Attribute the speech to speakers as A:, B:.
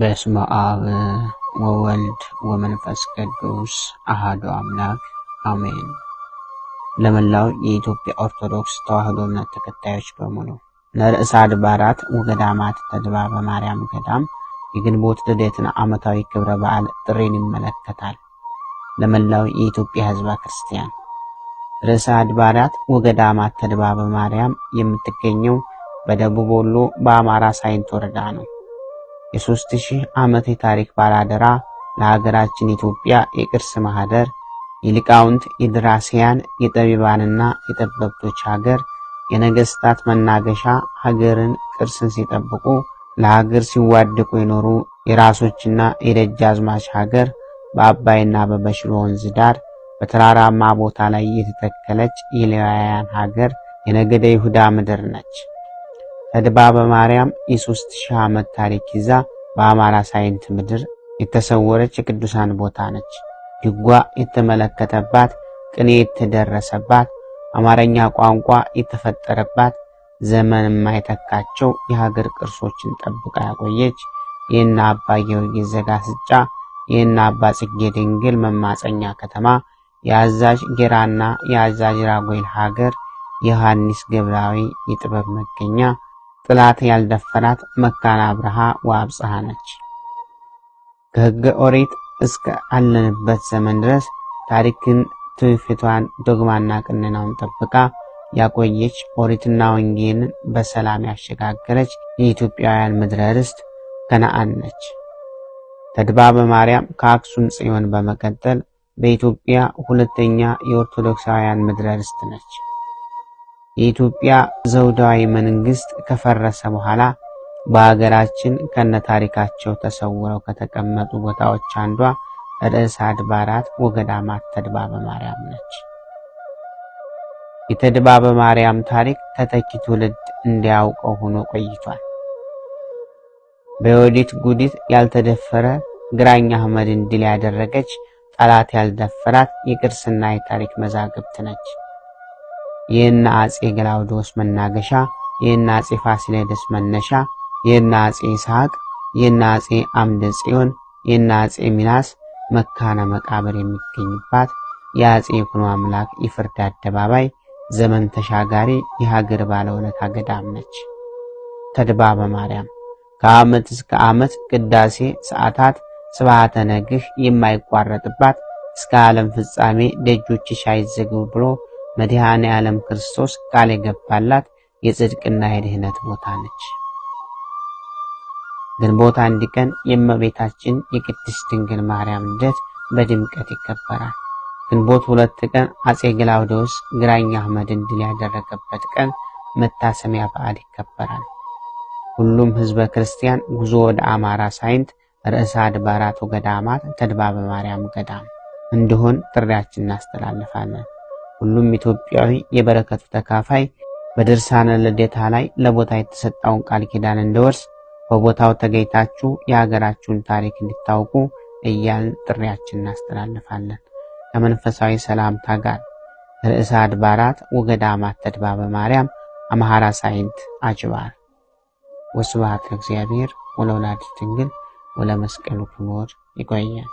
A: በስመ አብ ወወልድ ወመንፈስ ቅዱስ አሃዱ አምላክ አሜን። ለመላው የኢትዮጵያ ኦርቶዶክስ ተዋሕዶ እምነት ተከታዮች በሙሉ ለርዕሰ አድባራት ወገዳማት ተድባበ ማርያም ገዳም የግንቦት ልደትና ዓመታዊ ክብረ በዓል ጥሪን ይመለከታል። ለመላው የኢትዮጵያ ሕዝበ ክርስቲያን ርዕሰ አድባራት ወገዳማት ተድባበ ማርያም የምትገኘው በደቡብ ወሎ በአማራ ሳይንት ወረዳ ነው። የሦስት ሺህ ዓመት የታሪክ ባላደራ ለሀገራችን ኢትዮጵያ የቅርስ ማህደር የሊቃውንት የድራሲያን የጠቢባንና የጠበብቶች ሀገር የነገስታት መናገሻ ሀገርን ቅርስን ሲጠብቁ ለሀገር ሲዋደቁ የኖሩ የራሶችና የደጃዝማች ሀገር በአባይና በበሽሎ ወንዝ ዳር በተራራማ ቦታ ላይ የተተከለች የሌዋውያን ሀገር የነገደ ይሁዳ ምድር ነች። ከድባበ ማርያም የሶስት ሺህ ዓመት ታሪክ ይዛ በአማራ ሳይንት ምድር የተሰወረች የቅዱሳን ቦታ ነች። ድጓ የተመለከተባት፣ ቅኔ የተደረሰባት፣ አማርኛ ቋንቋ የተፈጠረባት፣ ዘመን የማይተካቸው የሀገር ቅርሶችን ጠብቃ ያቆየች የእነ አባ ጊዮርጊስ ዘጋስጫ የእነ አባ ጽጌ ድንግል መማፀኛ ከተማ የአዛዥ ጌራና የአዛዥ ራጎይል ሀገር የሐኒስ ገብራዊ የጥበብ መገኛ ጥላት ያልደፈራት መካነ አብርሃ ወአብጽሐ ነች። ከሕገ ኦሪት እስከ አለንበት ዘመን ድረስ ታሪክን፣ ትውፊቷን፣ ዶግማና ቅንናውን ጠብቃ ያቆየች ኦሪትና ወንጌልን በሰላም ያሸጋገረች የኢትዮጵያውያን ምድረ ርስት ከነአን ነች። ተድባበ ማርያም ከአክሱም ጽዮን በመቀጠል በኢትዮጵያ ሁለተኛ የኦርቶዶክሳውያን ምድረ ርስት ነች። የኢትዮጵያ ዘውዳዊ መንግስት ከፈረሰ በኋላ በሀገራችን ከነታሪካቸው ተሰውረው ከተቀመጡ ቦታዎች አንዷ ርዕሰ አድባራት ወገዳማት ተድባበ ማርያም ነች። የተድባበ ማርያም ታሪክ ተተኪ ትውልድ እንዲያውቀው ሆኖ ቆይቷል። በዮዲት ጉዲት ያልተደፈረ ግራኝ አህመድ እንዲል ያደረገች ጠላት ያልደፈራት የቅርስና የታሪክ መዛግብት ነች። የእነ አጼ ገላውዶስ መናገሻ፣ የእነ አጼ ፋሲለደስ መነሻ፣ የእነ አጼ ይስሐቅ፣ የእነ አጼ አምደ ጽዮን፣ የእነ አጼ ሚናስ መካነ መቃብር የሚገኝባት የአጼ ይኩኖ አምላክ ይፍርድ አደባባይ ዘመን ተሻጋሪ የሀገር ባለውለታ ገዳም ነች። ተድባበ ማርያም ከዓመት እስከ ዓመት ቅዳሴ ሰዓታት ስብሐተ ነግህ የማይቋረጥባት እስከ ዓለም ፍጻሜ ደጆችሽ አይዘግቡ ብሎ መድኃኔ ዓለም ክርስቶስ ቃል የገባላት የጽድቅና የድህነት ቦታ ነች። ግንቦት አንድ ቀን የእመቤታችን የቅድስት ድንግል ማርያም ልደት በድምቀት ይከበራል። ግንቦት ሁለት ቀን አጼ ግላውዴዎስ ግራኝ አህመድን ድል ያደረገበት ቀን መታሰሚያ በዓል ይከበራል። ሁሉም ህዝበ ክርስቲያን ጉዞ ወደ አማራ ሳይንት ርዕሰ አድባራቱ ገዳማት ተድባበ ማርያም ገዳም እንዲሆን ጥሪያችን እናስተላልፋለን። ሁሉም ኢትዮጵያዊ የበረከቱ ተካፋይ በድርሳነ ልደታ ላይ ለቦታ የተሰጠውን ቃል ኪዳን እንዲወርስ በቦታው ተገኝታችሁ የሀገራችሁን ታሪክ እንድታውቁ እያል ጥሪያችን እናስተላልፋለን። ከመንፈሳዊ ሰላምታ ጋር ርዕሰ አድባራት ወገዳማት ተድባበ ማርያም አምሃራ ሳይንት አጅባር ወስብሐት ለእግዚአብሔር ወለወላዲቱ ድንግል ወለመስቀሉ ክቡር ይቆያል።